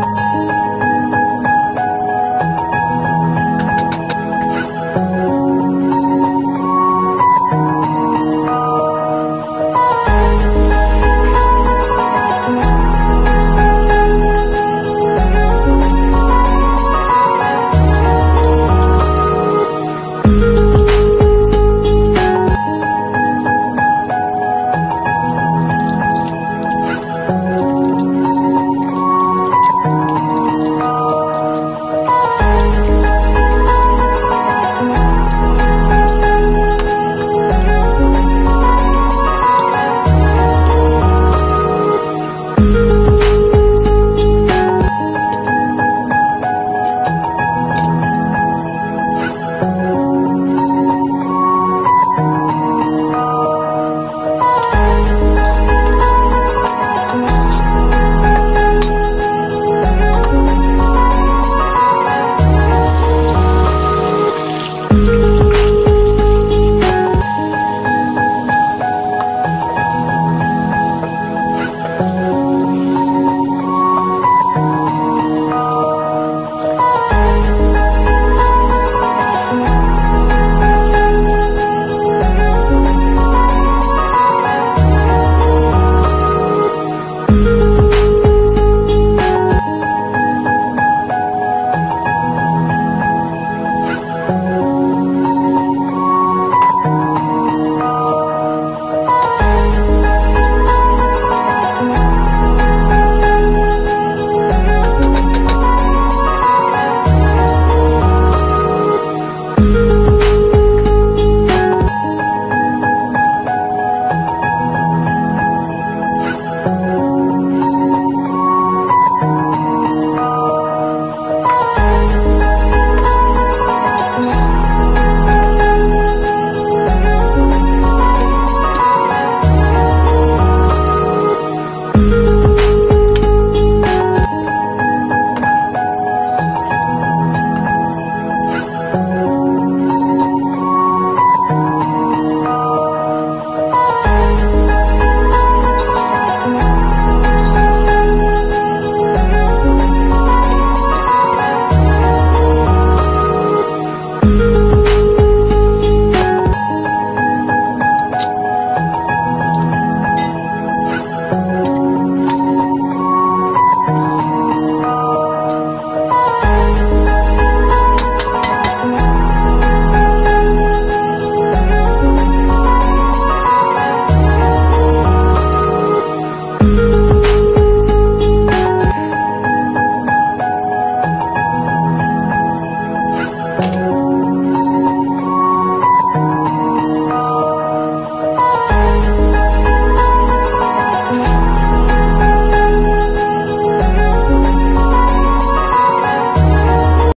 啊。